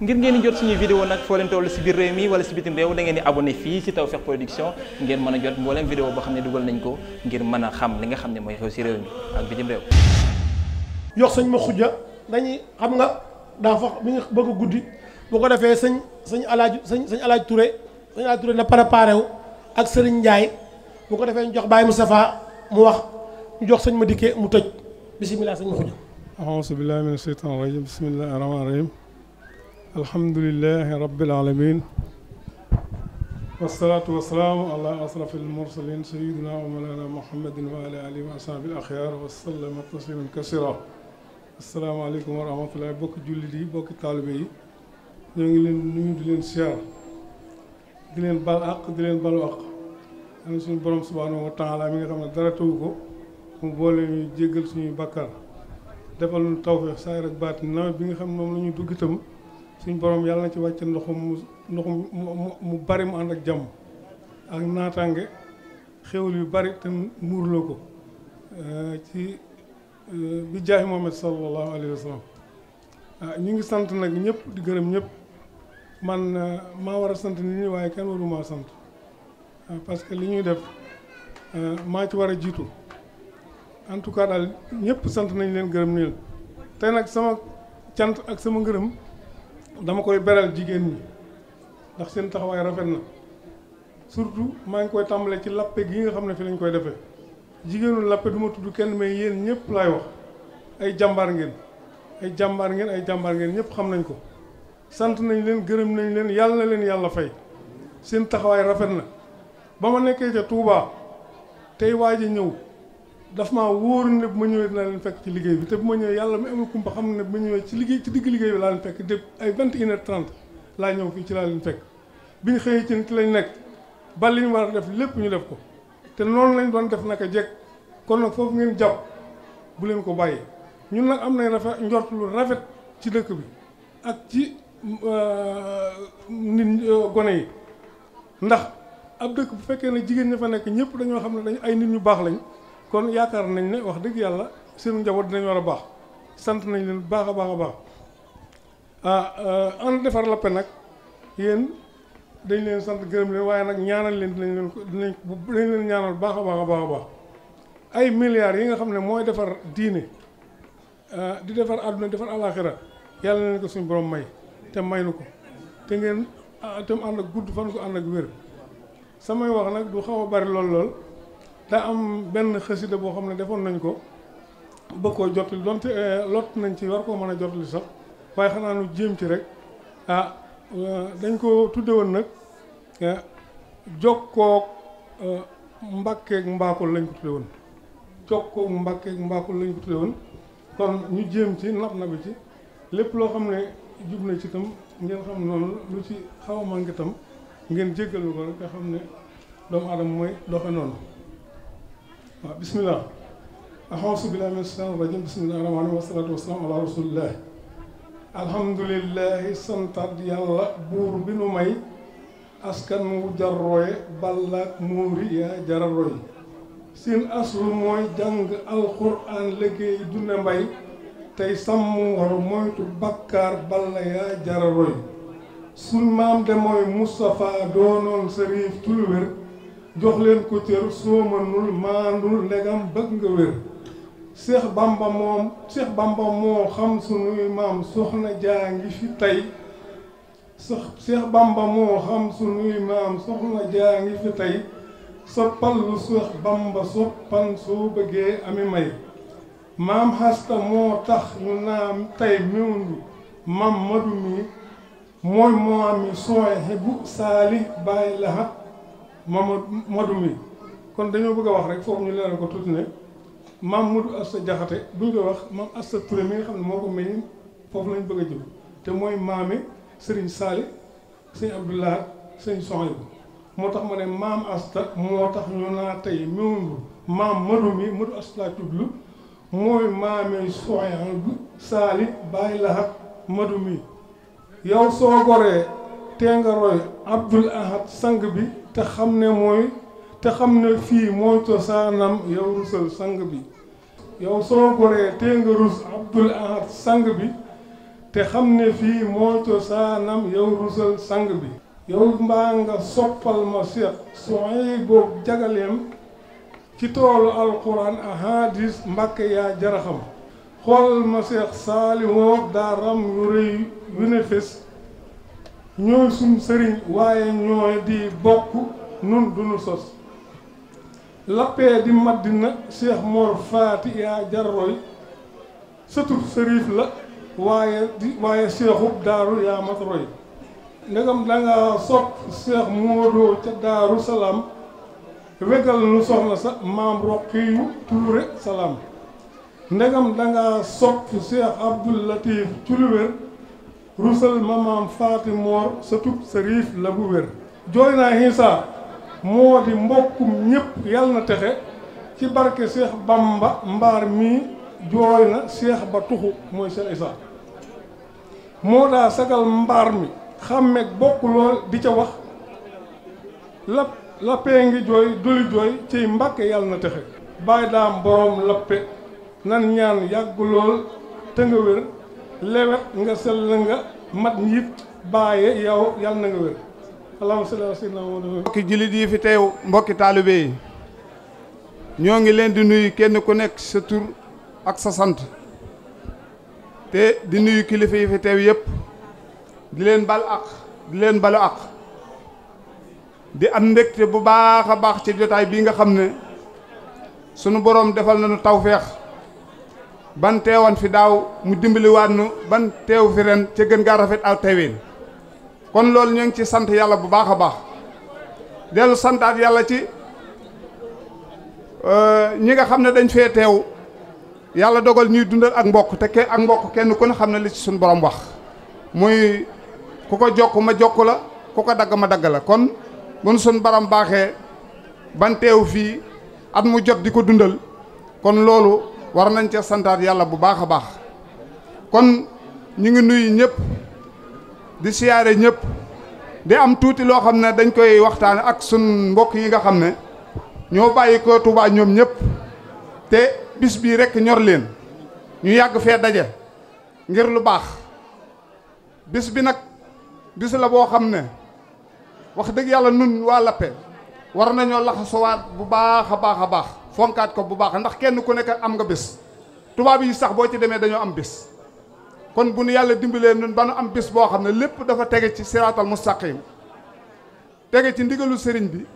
ngir ngeen di jot suñu vidéo nag foo leen si biir réew mi wala si bitim réew da ngeen di abonné fii si Tawfekh Production ngeen mën a jot mbooleem vidéo boo xam ne dugal nañ ko ngir mën a xam li nga xam ne mooy xew si réew mi ak bitim réew yox sañ ma xuja dañuy xam nga daa fa mi ngi bëgg guddi bu ko defee sañ sëñ alaaj sañ sëñ alaaj Touré sëñ alaaj Touré na préparé wu ak sëriñ Ndiaye bu ko defee ñu jox mu Moustapha mu wax ñu jox sañ ma dikkee mu tëj bisimilah sëñ ma xujja aousu alhamdulilahi rabbil alamin wasalaatu wasalaamu ala asraf almursalin sayidina wa mawlana muhammadin wa ala alihi wa ashabi al axyar wasallama tasliman kasira asalaamaaleykum wa rahmatullahi bokki jullit yi bokki taalibe yi ñoo ngi leen nuyu di leen siyaar di leen bal àq di leen balu àq am suñu borom subhanahu wa taala mi nga xam ne dara tawu ko mu boole ñu jéggal suñuy bàkkaar defal ñu tawfeex saay rek baat nawet bi nga xam ne moom la ñu dugg itam suñ borom yàlla na ci wàcc ndoxum mu ndoxum mu mu bari mu ànd ak jàmm ak naataange xéwal yu bari te muurloo ko euh, ci euh, bi jaay Muhammad sallallahu alayhi wa sallam ah, ñu ngi sant nag ñëpp di gërëm ñëpp man euh, maa war a sant nit ñi waaye kenn waru maa sant ah, parce que li ñuy def maa ci war a jiitu en tout cas daal ñëpp sant nañ leen gërëm nii te nag sama cant ak sama ngërëm dama koy beral jigéen ñi ndax seen taxawaay rafet na surtout maa ngi koy tàmbalee ci lappe gi nga xam ne fi lañ koy defee jigéenu lappe duma tudd kenn mais yéen ñëpp laay wax ay jàmbaar ngeen ay jàmbaar ngeen ay jàmbaar ngeen ñëpp xam nañu ko sant nañ leen gërëm nañ leen yàlla na leen yàlla fay seen taxawaay rafet na ba ma nekkee ca Touba tey waaj a ñëw daf maa wóor ne bu ma ñëwee dinaa leen fekk ci liggéey bi te bu ma ñëwee yàlla mi amul kumpa xam ne bu ma ñëwee ci liggéey ci digg liggéey bi laa leen fekk dép ay vingt et une laa ñëw fii ci laa leen fekk bi ñu xëyee ci nit lañ nekk ba li ñu war a def lépp ñu def ko te noonu lañ doon def naka jekk kon nag foofu ngeen jàpp bu leen ko bàyyi ñun nag am nañ rafet njort lu rafet ci dëkk bi ak ci euh, nit euh, gone yi ndax ab dëkk bu fekkee ne jigéen ña fa nekk ñëpp dañoo xam ne dañu ay nit ñu baax lañ kon yaakaar nañ ne wax dëgg yàlla seen njaboot dinañ war a baax sant nañ leen baax a baax a baax ah euh, en defar lappe nag yéen dañ leen sant gërëm waaye nag ñaanal leen dinañ dinañ dinañ leen ñaanal baax a baax a baax baax ay milliards yi nga xam ne mooy defar diine euh, di defar àdduna defar alaxira yàlla na leen ko suñu borom may te may nu ko te ngeen ah, te mu ànd ak gudd fan ko ànd ak wér samay wax nag du xaw a bari lool lool. daa am benn xasida boo xam ne defoon nañ ko bëgg koo jottali donte eh, lott nañ ci war koo mën a jottali sax waaye xanaa nu jéem ci rek ah dañ ko tudde woon nag eh, jokkoog eh, mbàkkeeg mbaakol lañ ko tudde woon jokkoog mbàkkeeg mbaakol lañ ko woon kon ñu jéem ci nab nabi ci lépp loo xam ne jub na ci tam ngeen xam noonu lu ci xaw a manqué tam ngeen jéggal ko rek nga xam ne doomu aadama mooy doxe noonu waaw bismillah axasubillahi min shaytaan rajim bismillahi rahmaani rahim wasalaatu wasalaam ala rasulillah alhamdulilahi santat yàlla buur bi nu may askan wu jar roye ballaak muuri yaa jara roy seen aslu mooy jàng alquran liggéey dunde mbay tey sàmm war moytu bakkaar balla yaa jara roy sun maam de mooy Moustapha doonoon sëriif tulu wér jox leen ko cër soo mënul maandul ndegam bëgg nga wér Seex Bamba moom Seex Bamba moo xam sunuy maam soxna jaa ngi fi tey sax Seex Bamba moo xam lu Seex Bamba soppan soo bëggee ami may maam xasta moo tax ñu naam tey mewndu mam madu mi mooy moo ami sooy bu saali bàyyi laxat Mamadou Modou mi kon dañoo bëgg a wax rek foofu ñu leeral ko tuuti ne maam Modou Asta Jaxate duñ koy wax maam Asta Touré mi nga xam ne moo ko meññ foofu lañ bëgg a jëm te mooy maame Serigne Saali sëñ Abdoulaye sëñ Sohaybou moo tax ma ne maam Asta moo tax ñu naa tey miwundu maam Modou mi Modou Asta laa tudd mooy maame Sohaybou Saali Baye Lahat Modou mi yow soo goree te nga roy Abdoul Ahad sang bi te xam ne mooy te xam ne fii mooy cosaanam yow rusal sang bi yow soo goree tee nga rus Abdul Ahad sang bi te xam ne fii mooy cosaanam yow rusal sang bi yow mbaa nga soppal ma seet sooy boobu jagaleem ci toolu alquran ahadis mbàkke yaa jaraxam xoolal ma seex saali woo daaram yu rëy yu ne fés ñooy suñ sëriñ waaye ñoo di bokk nun duñu sos lappee di Madina Cheikh Mor Faati yaa Jarroy sëtub sërif la waaye di waaye Cheikhub Daaru yaa mat roy ndegam danga sopp Cheikh Modou ca Daaru Salaam wegal nu soxna sa maam Roqiyu Tuure Salaam ndegam danga sopp Cheikh Abdoul Latif rusal ma maam faati moor satub sariif la bu wér jooy naa xiisa moo di mbokkum ñépp yal na texe ci barke Cheikh Bamba mbaar mii jooy na Cheikh ba tuxu mooy Cheikh Issa moo daa sagal mbaar mi xàmmeeg bokk lool di ca wax lapp lappee ngi jooy duli jooy ciy mbàkke yàlla na texe bàyyi daam boroom lappe nan ñaan yàgg lool te nga wér lewet nga sell nga mat njiit bàyye yow yàlla na nga wér allahumma salli ala mbokki jullit yi fi teew mbokki taalibe yi ñoo ngi leen di nuyu kenn ku nekk sa tur ak sa sant te di nuyu kilifa yi fi teew yépp di leen bal ak di leen balu ak di am mbégte bu baax a baax ci jotaay bii nga xam ne sunu boroom defal nañu tawfeex ban teewan fi daaw mu dimbaliwaat nu ban teew fi ren ca gën gaa rafet aw teewin kon loolu ñu ngi ci sant yàlla bu baax a baax dellu santaat yàlla ci euh, ñi nga xam ne dañ fee teew yàlla dogal ñuy dundal ak mbokk te ke ak mbokk kenn ku ne xam na li ci suñu borom wax muy ku ko jokk ma jokk la ku ko dagg ma dagg la kon mun suñu borom baaxee ban teew fii at mu jot di ko dundal kon loolu war nañ ca santaat yàlla bu baax a baax kon ñu ngi nuyu ñëpp di siyaare ñëpp di am tuuti loo xam ne dañ koy waxtaane ak sun mbokk yi nga xam ne ñoo bàyyi ko Touba ñoom ñëpp te bis bii rekk ñor leen ñu yàgg fee daje ngir lu baax bis bi nag bis la boo xam ne wax dëgg yàlla nun waa Lappé war nañoo laxasuwaat bu baax a baax a baax fonkaat ko bu baax ndax kenn ku nekk am nga bis tubaab yi sax boo ci demee dañoo am bis kon bu nu yàlla dimbalee nun ba nu am bés boo xam ne lépp dafa tege ci siraatal mustaqim tege ci ndigalu sëriñ bi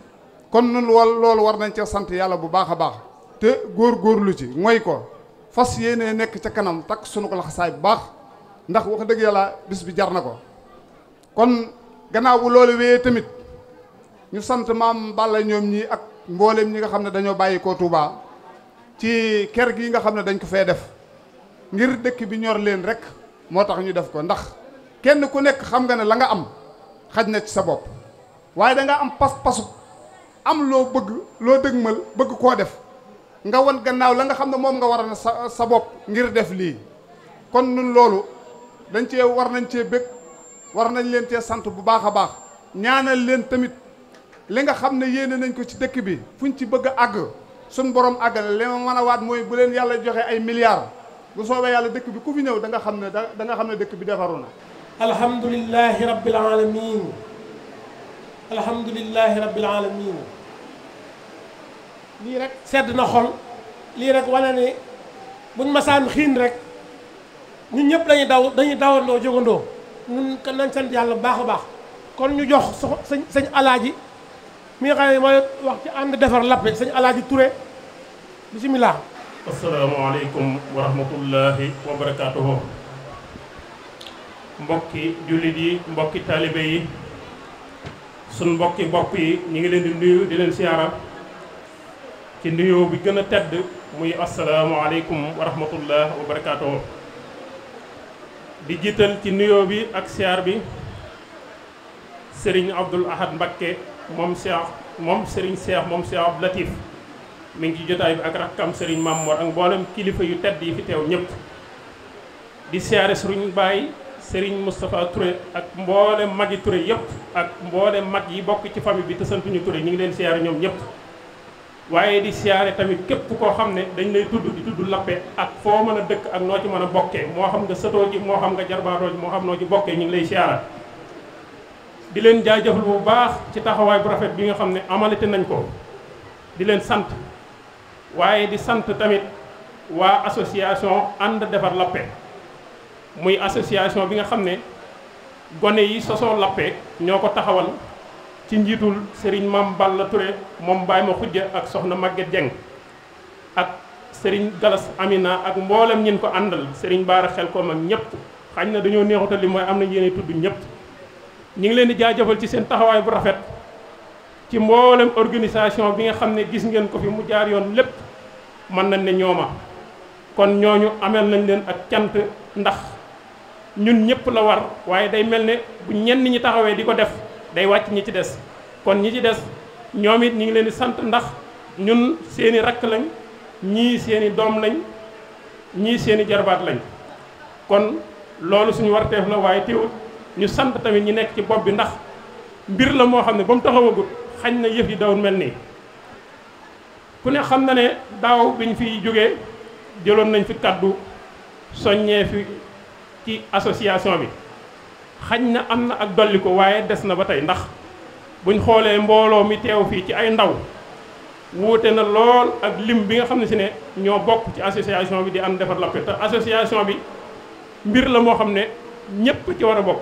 kon nun wol loolu war nañ ca sant yàlla bu baax a baax te góor góorlu ci mooy ko fas yéenee nekk ca kanam takk sunu ko laxasaay bu baax ndax wax dëgg yàlla bis bi jar na ko kon gannaaw bu loolu wéyee tamit ñu sant maam Balla ñoom ñii ak mboolem ñi nga xam ne dañoo bàyyi ko Touba ci ker gi nga xam ne dañ ko fee def ngir dëkk bi ñor leen rek moo tax ñu def ko ndax kenn ku nekk xam nga ne la nga am xaj na ci sa bopp waaye da nga am pas-pasu am loo bëgg loo dëgmal bëgg koo def nga wan gannaaw la nga xam ne moom nga war a sa sa bopp ngir def lii kon nun loolu dañ cee war nañ cee bëgg war nañ leen cee sant bu baax a baax ñaanal leen tamit. li nga xam ne yéene nañ ko ci dëkk bi fuñ ci bëgg a àgg suñ borom àggale li ma mën a waat mooy bu leen yàlla joxe ay milliards bu soobee yàlla dëkk bi ku fi ñëw danga xam ne da nga xam ne dëkk bi defaru na alhamdulilahi rabbil alamin alhamdulilahi rabbil alamin lii rek sedd na xol lii rek wane ne buñ masaan xiin rek ñun ñëpp dañuy daw dañuy dawandoo jógandoo kan nañ seen yàlla bu baax a baax kon ñu jox sañ sañ alaaji mi nga xam wax ci ànd defar lappe sëñ Alaaji Touré bisimilah. asalaamaaleykum wa rahmatullahi wa barakaatuhu. mbokki jullit yi mbokki taalibe yi sun mbokki mbokk yi ñu ngi leen di nuyu di leen siyaara ci nuyoo bi gën a tedd muy asalaamaaleykum wa rahmatullah wa di jiital ci nuyoo bi ak siyaar bi Serigne Abdoul Ahad Mbakke. moom Cheikh moom Serigne Cheikh moom Cheikh Abdou Latif mi ngi ci jotaay bi ak rakkam Serigne Mamour ak mboolem kilifa yu tedd yi fi teew ñëpp. di siyaare suñu baay Serigne Moustapha Touré ak mboolem magi Touré yëpp ak mboolem mag yi bokk ci famille bi te santuñu ñu ngi leen siyaare ñoom ñëpp. waaye di siyaare tamit képp koo xam ne dañu lay tudd di tudd lappe ak foo mën a dëkk ak noo ci mën a bokkee moo xam nga sëtoo ji moo xam nga jarbaatoo ji moo xam noo ci bokkee ñu ngi lay siyaara di leen jaajëfal bu baax ci taxawaay bu rafet bi nga xam ne te nañ ko di leen sant waaye di sant tamit waa association ànd defar lappe muy association bi nga xam ne gone yi sosoo lappe ñoo ko taxawal ci njiitul Serigne Mame Balla Touré moom baay ma xujja ak soxna màgget Dieng ak Serigne Galas Amina ak mboolem ñin ko àndal Serigne Baara xel ko mag ñëpp xañ na dañoo neexutal li mooy am na yéene tudd ñëpp ñu ngi leen di jëfal ci seen taxawaay bu rafet ci mboolem organisation bi nga xam ne gis ngeen ko fi mu jaar yoon lépp mën nañ ne ñooma kon ñooñu ameel nañ leen ak cant ndax ñun ñëpp la war waaye day mel ne bu ñenn ñi taxawee di ko def day wàcc ñi ci des kon ñi ci des ñoom it ñu ngi leen di sant ndax ñun seeni rakk lañ ñii seeni doom lañ ñii seeni jarbaat lañ kon loolu suñu warteef la waaye teewut ñu sant tamit ñi nekk ci bopp bi ndax mbir la moo xam ne ba mu taxawagut xañ na yëf yi dawul mel nii ku ne xam na ne daaw biñ fiy jógee jëloon nañ fi kàddu soññee fi ci association bi xañ na am na ak dolli ko waaye des na ba tey ndax buñ xoolee mbooloo mi teew fii ci ay ndaw wuute na lool ak lim bi nga xam ne si ne ñoo bokk ci association bi di am defar Lappé te association bi mbir la moo xam ne ñépp ci war a bokk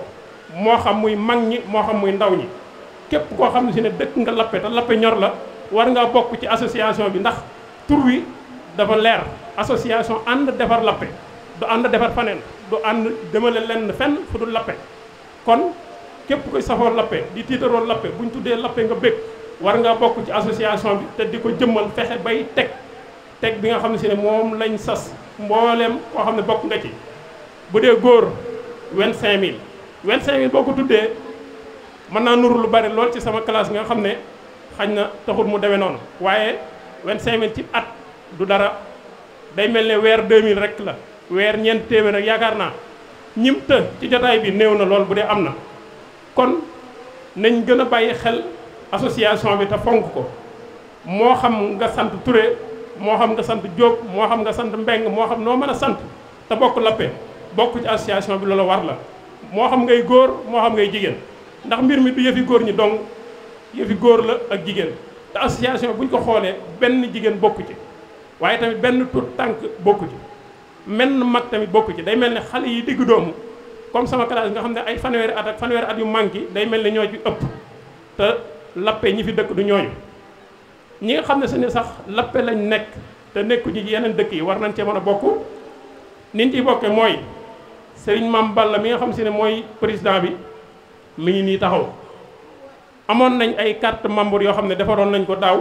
moo xam muy mag ñi moo xam muy ndaw ñi képp koo xam ne si ne dëkk nga lappe te lappe ñor la war ngaa bokk ci association bi ndax tur wi dafa leer association ànd defar lappe du ànd defar faneen du ànd demale lenn fenn fu dul lappe kon képp ko safoo lappe di tiitaroo lappe bu ñu tuddee lappe nga bëgg war ngaa bokk ci association bi te di ko jëmmal fexe bay teg teg bi nga xam ne si ne moom lañ sas mbooleem koo xam ne bokk nga ci bu dee góor vingt-cinq mille 25 000 boo ko tuddee mën naa nuru lu bari lool ci sama classe nga xam ne xañ na taxul mu demee noonu waaye 25 000 ci at du dara day mel ne weer 2000 rek la weer ñeent téeméer rek yaakaar naa ñim të ci jotaay bi néew na lool bu dee am na kon nañ gën a bàyyi xel association bi te fonk ko moo xam nga sant Touré moo xam nga sant Diop moo xam nga sant Mbeng moo xam noo mën a sant te bokk lappe bokk ci association bi loola war la moo xam ngay góor moo xam ngay jigéen ndax mbir mi du yëfi góor ñi dong yëfi góor la ak jigéen te association buñ ko xoolee benn jigéen bokk ci waaye tamit benn tur tànk bokku ci menn mag tamit bokk ci day mel ni xale yi digg doomu comme sama classe nga xam ne ay fanweeri at ak fanweeri at yu manqué day mel ne ñoo ci ëpp te lappe ñi fi dëkk du ñooñu ñi nga xam ne sene sax lappe lañ nekk te nekkuñu yeneen dëkk yi war nañ cee mën a bokk niñ ciy bokke mooy sëriñ Maam Balla mi nga xam si ne mooy président bi mi ngi nii taxaw amoon nañ ay carte membre yoo xam ne defaroon nañ ko daaw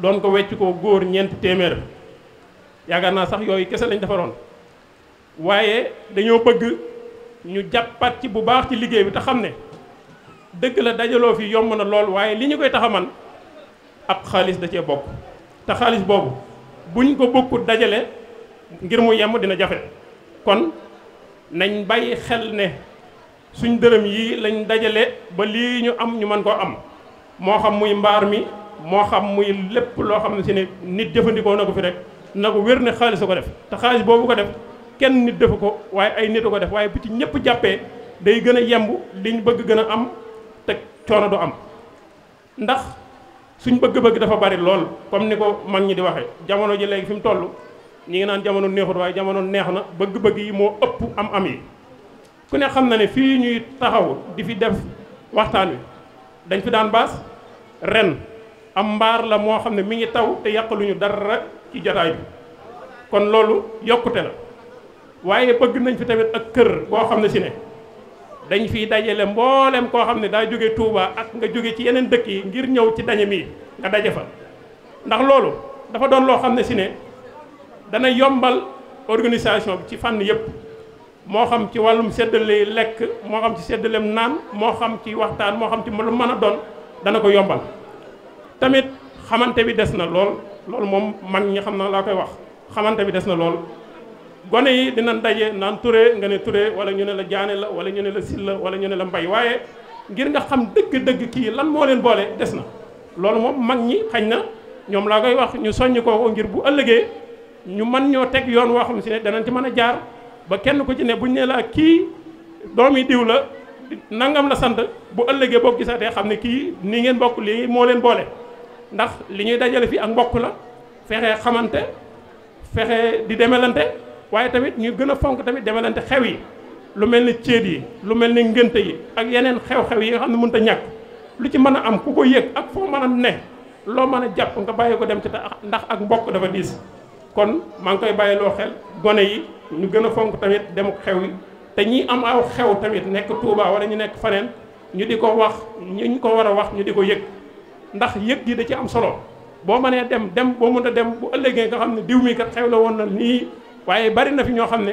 doon ko wecc ko góor ñeenti téeméer yaakaar naa sax yooyu kese lañ defaroon waaye dañoo bëgg ñu jàppaat ci bu baax ci liggéey bi te xam ne dëgg la dajaloo fi yomb na lool waaye li ñu koy tax a man ab xaalis da cee bokk te xaalis boobu buñ ko bokkut dajale ngir mu yemm dina jafe kon nañ bàyyi xel ne suñ dërëm yi lañ dajale ba lii ñu am ñu mën koo am moo xam muy mbaar mi moo xam muy lépp loo xam ne si ne nit jëfandikoo na ko fi rek na ko wér ne xaalis ko def te xaalis boobu ko def kenn nit defu ko waaye ay nit ko def waaye bu ci ñëpp jàppee day gën a yemb liñ bëgg gën a am teg coono du am ndax suñ bëgg-bëgg dafa bari lool comme ni ko mag ñi di waxee jamono ji léegi fi mu toll ñi ngi naan jamono neexut waaye jamono neex na bëgg-bëgg yi moo ëpp am-am yi ku ne xam na ne fii ñuy taxaw di fi def waxtaan wi dañ fi daan baas ren am mbaar la moo xam ne mi ngi taw te yàqaluñu dara ci jotaay bi kon loolu yokkute la waaye bëgg nañ fi tamit ak kër boo xam ne si ne dañ fiy dajale mboolem koo xam ne daa jóge tuubaa ak nga jóge ci yeneen dëkk yi ngir ñëw ci daje mi nga daje fa ndax loolu dafa doon loo xam ne si ne dana yombal organisation bi ci fànn yëpp moo xam ci wàllum séddale lekk moo xam ci séddaleem naan moo xam ci waxtaan moo xam ci ma lu mën a doon dana ko yombal tamit xamante bi des na lool loolu moom mag ñi xam na laa koy wax xamante bi des na lool gone yi dina daje naan ture nga ne ture wala ñu ne la jaane la wala ñu ne la silla wala ñu ne la mbay waaye ngir nga xam dëgg-dëgg kii lan moo leen boole des na loolu moom mag ñi xañ na ñoom laa koy wax ñu soññ kooku ngir bu ëllëgee ñu mën ñoo teg yoon woo xam si ne danañ ci mën a jaar ba kenn ku ci ne buñ ne laa kii yi diw la nangam la sant bu ëllëgee boo gisaatee xam ne kii nii ngeen bokk lii moo leen boole ndax li ñuy dajale fii ak mbokk la fexe xamante fexe di demelante waaye tamit ñu gën a fonk tamit demelante xew yi lu mel ni céet yi lu mel ni ngénte yi ak yeneen xew-xew yi nga xam ne mënut a ñàkk lu ci mën a am ku ko yëg ak foo mën a ne loo mën a jàpp nga bàyyi dem ci tax ndax ak mbokk dafa diis kon maa ngi koy loo xel gone yi ñu gën a fonk tamit dem xew yi te ñi am aw xew tamit nekk Touba wala ñu nekk faneen ñu di ko wax ñu ko war a wax ñu di ko yëg ndax yëg gi da ci am solo boo mënee dem dem boo mënta dem bu ëllëgee nga xam ne diw mi kat xew la woon na nii waaye bari na fi ñoo xam ne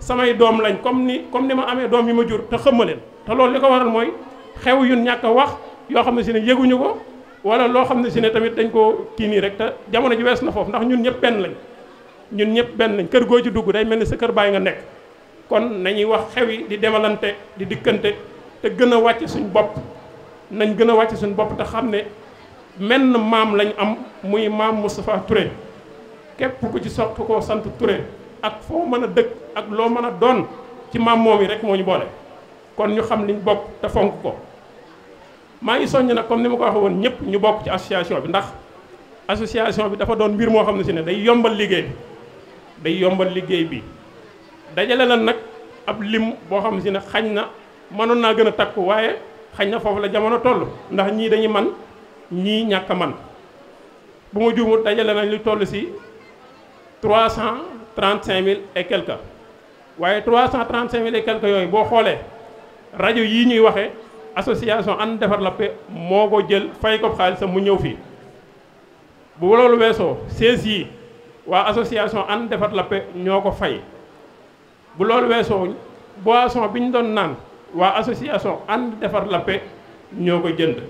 samay doom lañ comme ni comme ni ma amee doom yi ma jur te xëmma leen te loolu li ko waral mooy xew yu ñàkk wax yoo xam ne si ne yëguñu ko wala loo xam ne si ne tamit dañ ko kii nii rek te jamono ji wees na foofu ndax ñun ñëpp benn lañ ñun ñëpp benn kër goo ci dugg day mel ni sa kër baay nga nekk kon nañuy wax xew yi di demalante di dikkante te gën a wàcc suñ bopp nañ gën a wàcc suñ bopp te xam ne menn maam lañ am muy maam Moustapha Touré képp ku ci sopp koo sant ture ak foo mën a dëkk ak loo mën a doon ci maam moom yi rek moo ñu boole kon ñu xam liñ bokk te fonk ko maa ngi soññ nag comme ni ma ko waxee woon ñëpp ñu bokk ci association bi ndax association bi dafa doon mbir moo xam ne si ne day yombal liggéey day yombal liggéey bi dajale la nag ab lim boo xam si ne xañ na mënoon naa gën a takku waaye xañ na foofu la jamono toll ndax ñii dañuy man ñii ñàkk man bu ma juumut dajale nañ lu toll si trois cent trente cinq mille et quelque waaye trois cent trente cinq yooyu boo xoolee rajo yii ñuy waxee association ànd defar la moo ko jël fay ko xaalis mu ñëw fii bu loolu weesoo seize yi waa association ànd defar Lappé ñoo ko fay bu loolu weesoo boisson bi ñu doon naan waa association ànd defar Lappé ñoo ko jënd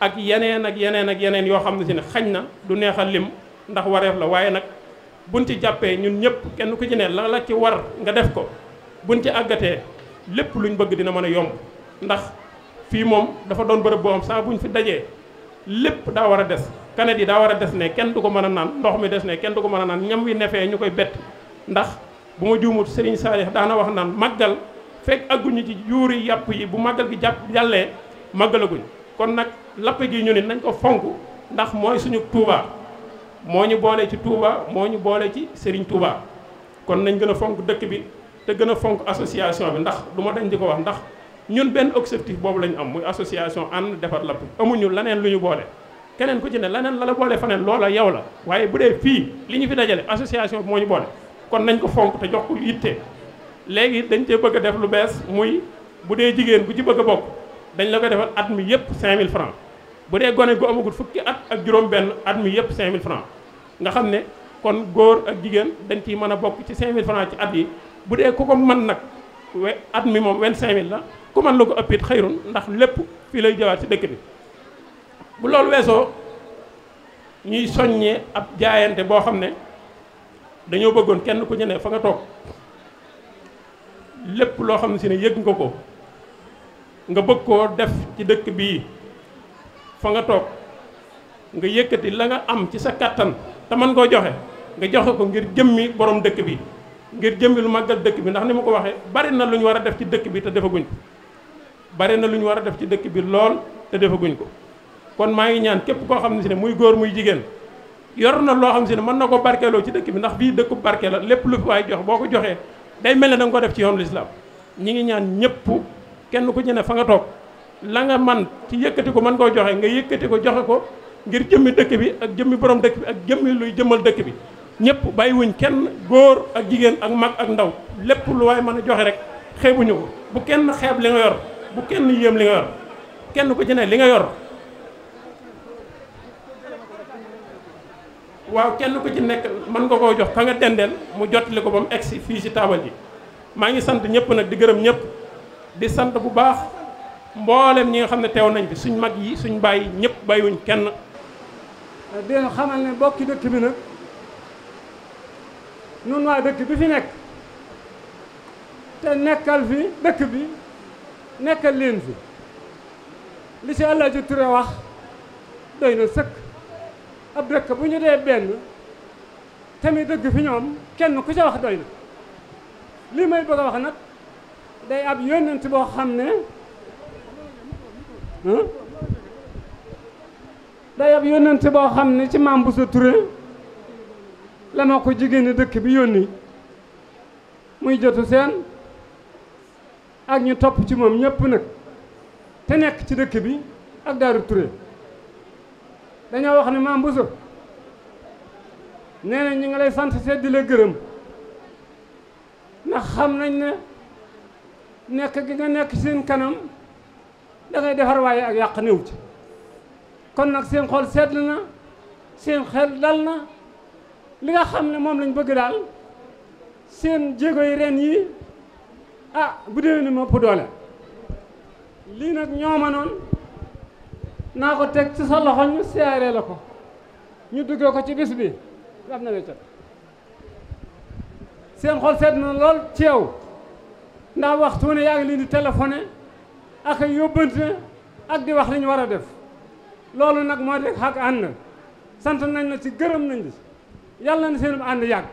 ak yeneen ak yeneen ak yeneen yoo xam ne si ne xañ na du neex a lim ndax wareef la waaye nag buñ ci jàppee ñun ñëpp kenn ku ci ne la la ci war nga def ko buñ ci àggatee lépp luñ bëgg dina mën a yomb ndax fii moom dafa doon bërëb boo xam saa ñu fi dajee lépp daa war a des kanet yi daa war a des ne kenn du ko mën a naan ndox mi des ne kenn du ko mën a naan ñam wi nefee ñu koy bett ndax bu ma juumut Serigne Saalix daana wax naan màggal fekk agguñu ci yuuri yàpp yi bu màggal bi jàpp jàllee màggalaguñ kon nag lapp gi ñu ne nañ ko fonk ndax mooy suñu Touba moo ñu boole ci tuuba moo ñu boole ci Serigne Touba kon nañ gën a fonk dëkk bi te gën a fonk association bi ndax du ma dañ di ko wax ndax ñun benn objectif boobu lañ am muy association ànd defar lapp amuñu leneen lu ñu boole keneen ku ci ne leneen la la boole faneen loola yow la waaye bu dee fii li ñu fi dajale association bi moo ñu boole kon nañ ko fonk te jox ko yitte léegi dañ cee bëgg def lu bees muy bu dee jigéen ku ci bëgg bokk dañ la ko defar at mi yëpp 5000 francs bu dee gone gu amagut fukki at ak juróom benn at mi yëpp 5000 francs nga xam ne kon góor ak jigéen dañ ciy mën a bokk ci 5000 francs ci at yi bu dee ku ko mën nag we at mi moom 25000 la ku la ko ëppit xëyrun ndax lépp fii lay jawaat ci dëkk bi bu loolu weesoo ñuy soññee ab jaayante boo xam ne dañoo bëggoon kenn ku ci fa nga toog lépp loo xam ne si ne yëg nga ko nga bëgg koo def ci dëkk bii fa nga toog nga yëkkati la nga am ci sa kàttan te mën koo joxe nga joxe ko ngir jëmmi borom dëkk bi ngir jëmmi lu màggal dëkk bi ndax ni ma ko waxee bari na luñu ñu war a def ci dëkk bi te defaguñ ko bari na lu ñu war a def ci dëkk bi lool te defaguñ ko kon maa ngi ñaan képp koo xam ne si ne muy góor muy jigéen yor na loo xam si ne mën na ko barkeeloo ci dëkk bi ndax bii dëkku barkee la lépp lu fi waay jox boo ko joxee day mel ne da nga ko def ci yoonu lislaam ñi ngi ñaan ñëpp kenn ku ci fa nga toog la nga man ci yëkkati ko mën koo joxe nga yëkkati ko joxe ko ngir jëmmi dëkk bi ak jëmmi borom dëkk bi ak jëmmi luy jëmmal dëkk bi ñëpp bàyyiwuñ kenn góor ak jigéen ak mag ak ndaw lépp lu waay mën a joxe rek xeebuñu ko bu kenn xeeb li nga yor bu kenn yéem li nga yor kenn ku ci li nga yor waaw kenn ku ci nekk mën nga koo jox ka nga dendeel mu jottali ko ba mu egsi fii ci taabal ji maa ngi sant ñëpp nag di gërëm ñëpp di sant bu baax mboolem ñi nga xam ne teew nañ bi suñ mag yi suñ bàyyi ñëpp bàyyiwuñ kenn di xamal ne bokki dëkk bi nag nun waa dëkk bi fi nekk te nekkal fi dëkk bi nekkal leen fi li si Alaaji Ture wax doy na sëkk ab dëkk bu ñu dee benn tamit dëgg fi ñoom kenn ku ca wax doy na li may bëgg wax nag day ab yónnent boo xam ne day ab yónnent boo xam ne ci maam bu sa Ture la ko jigéeni dëkk bi yónni muy jotu seen ak ñu topp ci moom ñëpp nag te nekk ci dëkk bi ak daaru Ture dañoo wax ne maam Bousso nee na ñu ngi lay sant te di la gërëm ndax xam nañ ne nekk gi nga nekk seen kanam dangay defar waaye ak yàq néew ci kon nag seen xool sedd na seen xel dal na li nga xam ne moom lañ bëgg daal seen jéego yi ren yi a ah, bu dee ni ma ëpp lii nag ñoo mënoon naa ko teg ci sa loxo ñu la ko ñu duggee ko ci bis bi am na weccat seen xol seet na lool ci yow ndax waxtu ne yaa ngi leen di téléphoné ak yóbbante ak di wax li ñu war a def loolu nag moo def ak ànd sant nañ la ci gërëm nañ ci yàlla na seen ànd yàgg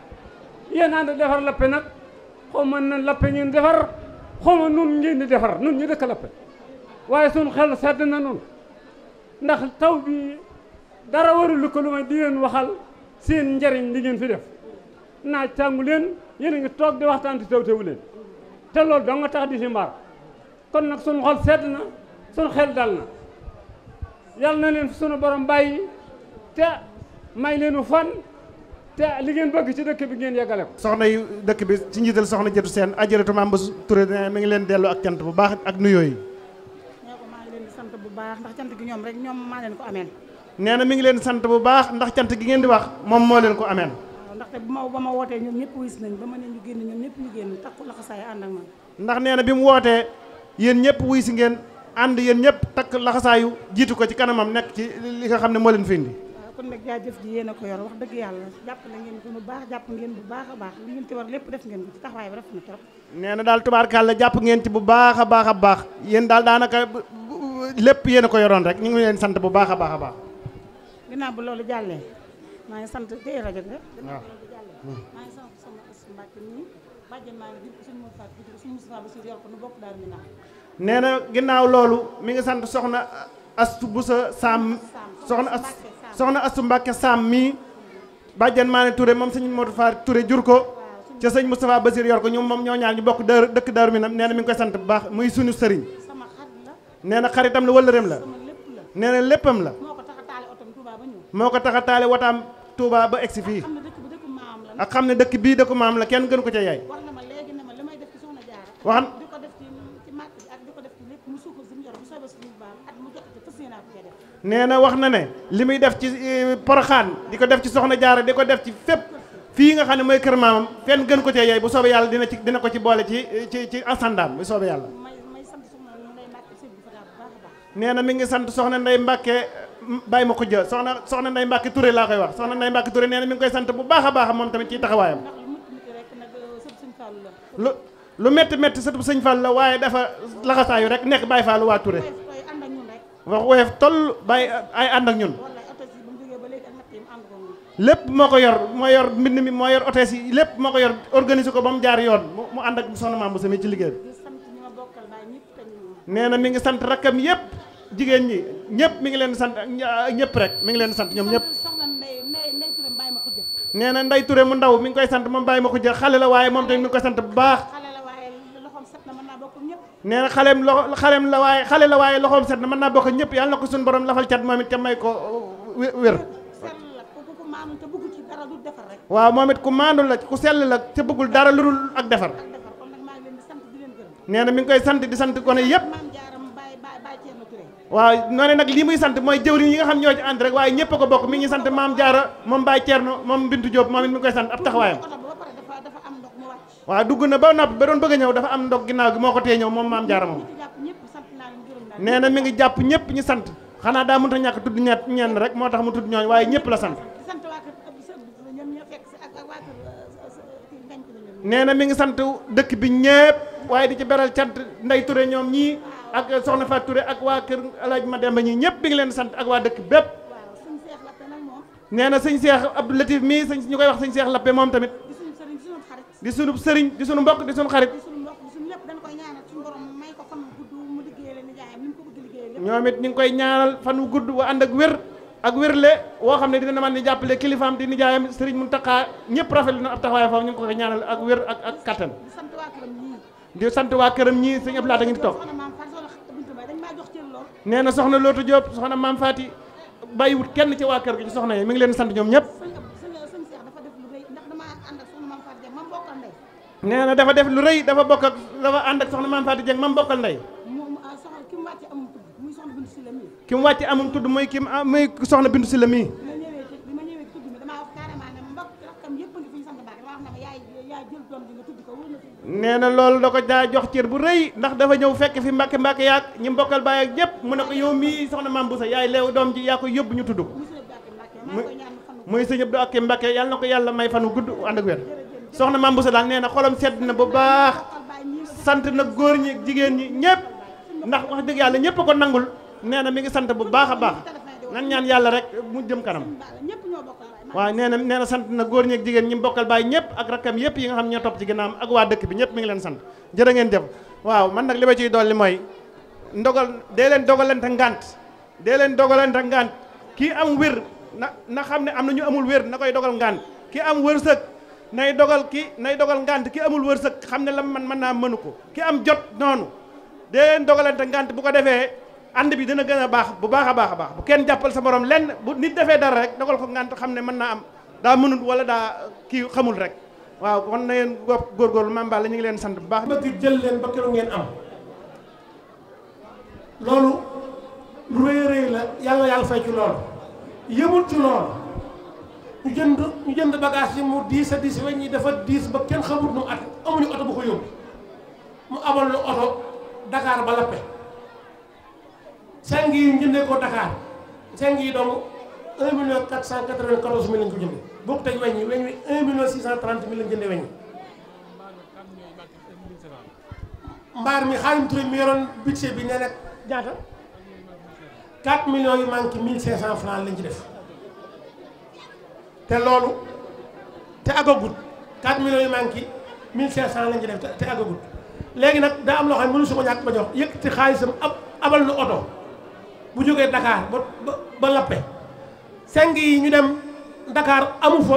yéen ànd defar lappe nag xaw ma na lappe ngeen defar xaw ma nun ngeen di defar nun ñu dëkk lappe waaye suñ xel sedd na nun ndax taw bi dara warul ko lu may di leen waxal seen njariñ li ngeen fi def naaj tàngu leen yéen a ngi toog di waxtaan te leen te lool dong nga tax di si kon nag suñu xol seet na suñu xel dal na yàlla na leen fi sunu borom bàyyi te may leenu fan te li ngeen bëgg ci dëkk bi ngeen yeggale ko. soxna yu dëkk bi ci njiital na Jëtu Seen a ajaratu Mame Bass Touré mi ngi leen dellu ak cant bu baax ak nuyoo yi. baax ndax cant gi ñoom rek ñoom maa leen ko ameel nee na mi ngi leen sant bu baax ndax cant gi ngeen di wax moom moo leen ko ameel waaw ndaxte ba ma wootee ñoom ñëpp wis nañ ba ma ne ñu génn ñoom ñëpp ñu génn takku laxasaay ndax nee bi mu wootee yéen ñëpp wuy ngeen ànd yéen ñëpp takk laxasaayu jiitu ko ci kanamam nekk ci li nga xam ne moo leen fi indi kon nag jaajëf ji yéen ko yor wax dëgg yàlla jàpp na ngeen ko bu baax jàpp ngeen bu baax a baax li ngeen ci war lépp def ngeen ko jàpp ngeen bu baax a baax a baax yéen lépp yéen ko yoroon rek ñu ngi leen sant bu baax a baax a baax. ginnaaw bu loolu maa ngi sant tey rajo bi. waaw maa ngi sant sama Mbàkke nee na ginnaaw loolu mi ngi sant soxna Astu sa Saam. soxna Astu soxna Astu Mbàkke Saam mii. bàjjen maa ne moom sëñ Modou Fall Touré jur ko. ca sëñ Moustapha Basir yor ko ñoom moom ñoo ñaar ñu bokk dëkk Daaru Minam nee na mi ngi koy sant bu baax muy suñu sëriñ nee na xaritam la wëllëreem la nee na léppam la moo ko tax a taale wataam Touba ba egsi fii ak xam ne dëkk bii dëkku maam la kenn gënu ko ca yaay wax nee na wax na ne li muy def ci eh, Poroxaan di ko def ci Soxna Jaara di ko def ci fépp fii nga xam ne mooy kër maamam fenn gën ko cee yaay bu soobee yàlla dina ci dina ko ci boole ci eh, ci ci asandaam bu soobee yàlla nee na mi ngi sant soxna Ndey Mbàkke baay ma ko jë soxna soxna Ndey Mbàkke ture laa koy wax soxna Ndey Mbàkke Touré nee na mi ngi koy sant bu baax a baax moom tamit ci taxawaayam euh, lu lu métti métti sëtu sëñ Fall la waaye dafa laxasaayu rek nekk Baye Fall waa Touré wax woyof toll bàyyi ay ànd ak ñun lépp moo ko yor moo yor mbind mi moo yor otees yi lépp moo ko yor organiser ko ba mu jaar yoon mu ànd ak soxna maam bu sami ci liggéey bi nee na mi ngi sant rakkam yëpp jigéen ñi ñëpp mi ngi leen sant ñëpp rek mi ngi leen sant ñoom ñëpp nee na Ndey Touré mu ndaw mi ngi koy sant moom bàyyi ma ko jël xale la waaye moom tamit mi ngi koy sant bu baax nee na xaleem lo xaleem la waaye xale la waaye loxoom set na mën naa bokk ñëpp yàlla na ko suñu borom lafal cat moom it te may ko uh, wér waaw moom it ku maandu la ku sell la te bëggul dara lu dul ak defar nee na mi ngi koy sant di sant gone yëpp. waaw noo ne nag lii muy sant mooy jëwriñ yi nga xam ñoo ci ànd rek waaye ñëpp a ko bokk mi ngi sant maam Jaara moom Baye Thierno moom Bintu Diop moom it mi ngi koy sant ab taxawaayam. waaw dugg na ba noppi ba bëgg ñëw dafa am ndog ginnaaw gi moo ko tee ñëw moom maam Jaara moom. nee na mi ngi jàpp ñëpp ñi sant xanaa daa mun a ñàkk tudd ñett ñenn rek moo tax mu tudd ñooñ waaye ñëpp la sant. nee na mi ngi sant dëkk bi ñëpp. waaye di ci beral cant Ndey Touré ñoom ñii ak Soxna Fatou Touré ak waa kër ma dem Mademba ñii ñëpp mi leen sant ak waa dëkk bépp nee na sëñ Seex Abdou Latif mii sëñ ñu koy wax sëñ Seex Lappe moom tamit di sunu sëriñ di sunu mbokk di sunu xarit ñoom it ñu ngi koy ñaanal fan wu gudd wa ànd ak wér ak wérle woo xam ne dina man di jàppale kilifaam di nijaayam sëriñ Muntaxa ñëpp rafetlu na ab taxawaay foofu ñu ngi ko koy ñaanal ak wér ak ak kattan di sant waa kër këram ñii sëñ Abdou Lahad a ngi toog nee na soxna Lootu Diop soxna Maam Faati bàyyiwut kenn ci waa kër gi ci soxna yi mi ngi leen sant ñoom ñëpp nee na dafa def lu rëy dafa bokk dafa ànd ak soxna Maam Faati Dieng mam bokkal ndey ki mu wàcce amum tudd mooy ki ah, muy soxna Bintu Silla mii nee na loolu da ko daa jox cër bu rëy ndax dafa ñëw fekk fi mbàkke mbàkke yaak ñi mbokkal baay ak ñëpp mu ne ko yow mii soxna maam bu sa yaay leew doom ji yaa ko yóbbu ñu tudd ko muy sëñ Abdou ak Mbàkke yàlla na ko yàlla may fanu gudd ànd ak wér soxna maam bu nee na xolam sedd na bu baax sant na góor ñi jigéen ñi ñëpp ndax wax dëgg yàlla ñëpp ko nangul nee na mi ngi sant bu baax a baax nan ñaan yàlla rek mu jëm kanam waa nee na sant na góor ñeeg jigéen ñi bokkal baay ñëpp ak rakkam yëpp yi nga xam ñoo topp ci ginnaawam ak waa dëkk bi ñëpp mi ngi leen sant jërë ngeen waaw man nag li ma ciy dolli mooy ndogal dee leen dogalante ngant dee leen dogalante ngant kii am wér na na xam ne am na amul wér na koy dogal ngant kii am wërsëg nay dogal ki nay dogal ngant ki amul wërsëg xam ne la man mën naa mënu ko ki am jot noonu dee leen dogalante ngant bu ko defee ànd bi dina gën a baax bu baax a baax a baax bu kenn jàppal sa borom lenn bu nit defee dara rek dogal ko ngant xam ne mën naa am daa mënut wala daa kii xamul rek waaw kon na yéen góob góorgóorlu Mame Balla ñu ngi leen sant bu baax. bëgg jël leen ba keroog ngeen am loolu lu yàlla yàlla fay ci loolu yëmul ci loolu bagage yi mu diis a diis weñ diis ba kenn xamut nu at amuñu oto bu ko yóbbu mu abal lu oto Dakar ba Lappé. seng yi jëndee ko Dakar seng yi dong 1 million 494 mille lañ ko jëndee boo ko teg weñ yi weñ wi 1 million 630 mille lañ jëndee weñ mbaar mi Xaadim Touré mi yoroon budget bi nee na ñaata 4 millions yu manqué 1500 francs lañ ci def te loolu te agagut 4 millions yu manqué 1500 lañ ci def te agagut léegi nag daa am loo xam ne mënu su ko ñàkk ba jox yëkkati xaalisam ab abal nu oto. bu jógee Dakar ba ba lappe seng yi ñu dem Dakar amu fa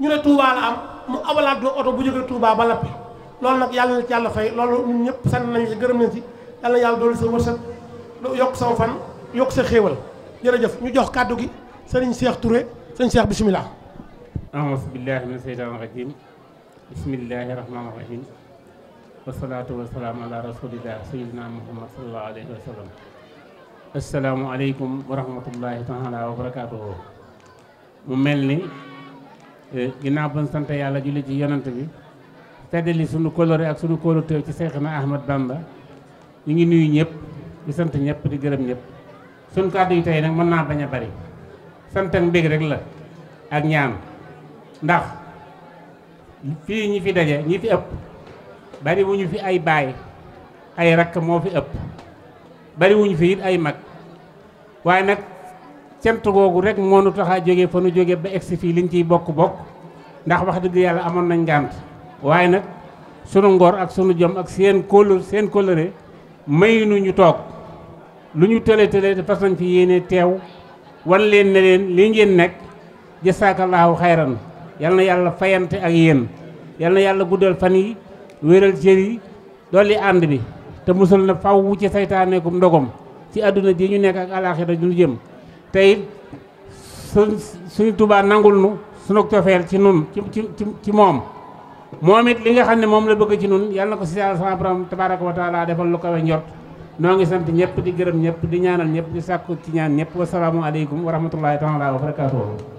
ñu ne Touba la am mu abalaat doo oto bu jógee Touba ba lappe loolu nag yàlla na ci yàlla fay loolu ñun ñëpp sa nañ si gërëm nañ si yàlla na yàlla doolu sa wërsëg yokk sama fan yokk sa xéewal jërëjëf ñu jox kàddu gi sëriñ Cheikh Touré sëriñ Cheikh bisimilah. aouzu billahi mina seytaani rajim bismillahi rahmaani rahim wasalaatu wasalaam ala rasulillah sayyidina muhammad sallallahu alayhi wa sallam asalaamualeykum wa rahmatullahi taala wa barakaatuhu mu mel ni eh, ginnaaw ban sant yàlla julli ci yonant bi teddali sunu kóllëre ak sunu kóoluteew ci Seexna Ahmad Bamba ñu ngi nuyu ñëpp di sant ñëpp di gërëm ñëpp sunu kàddu yi tey nag mën naa bañ bari sant ak mbég rek la ak ñaan ndax fii ñi fi daje ñi fi ëpp bari wu fi ay baay ay rakk moo fi ëpp bari wuñ fi it ay mag waaye nag cent googu rek moo nu tax a jóge fa jóge ba egsi fii liñ ciy bokk-bokk ndax wax dëgg yàlla amoon nañ ngànt waaye nag sunu ngor ak sunu jom ak seen kóllëre seen kóllëre mayuñu ñu toog lu ñu tële tële te fas nañ fi yéene teew wan leen ne leen lii ngeen nekk jasaakallaahu xayran yal na yàlla fayante ak yéen yal na yàlla guddal fan yi wéeral cër yi bi te musal na faw ci saytaaneekum ndogom ci àdduna ji nekk ak alaaxira ñu jëm tey it suñ tubaa nangul nu sunu cofeel ci nun ci ci ci moom moom it li nga xam ne moom la bëgg ci nun yàlla na ko si yàlla sama borom tabaraka wa taala defal lu kawe njort noo ngi sant ñëpp di gërëm ñëpp di ñaanal ñëpp di sàkku ci ñaan ñëpp wasalaamu aleykum wa rahmatullahi taala wa barakatuhu